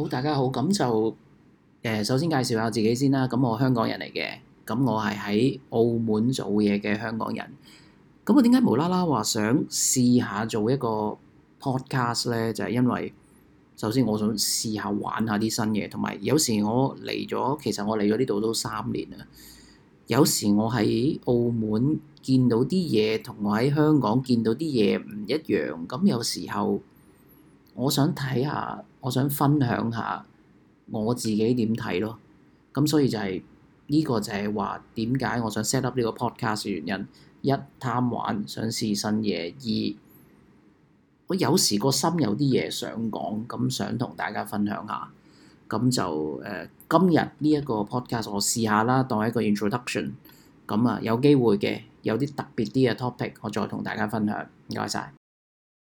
好，大家好。咁就誒，首先介紹下自己先啦。咁我香港人嚟嘅，咁我係喺澳門做嘢嘅香港人。咁我點解無啦啦話想試下做一個 podcast 呢？就係、係、因為首先我想試，試玩下玩下啲新嘢，同埋有，有時我嚟咗，其實我嚟咗呢度都三年啦。有時我喺澳門見到啲嘢，同我喺香港見到啲嘢唔一樣。咁有時候。我想睇下，我想分享下我自己點睇咯。咁所以就係，呢個就係話點解我想 set up 呢個 podcast 原因，一貪玩想試新嘢，二我有時個心有啲嘢想講，咁想同大家分享下。咁就誒今日呢一個 podcast 我試下啦，當一個 introduction。咁啊，有機會嘅有啲特別啲嘅 topic，我再同大家分享。唔該晒。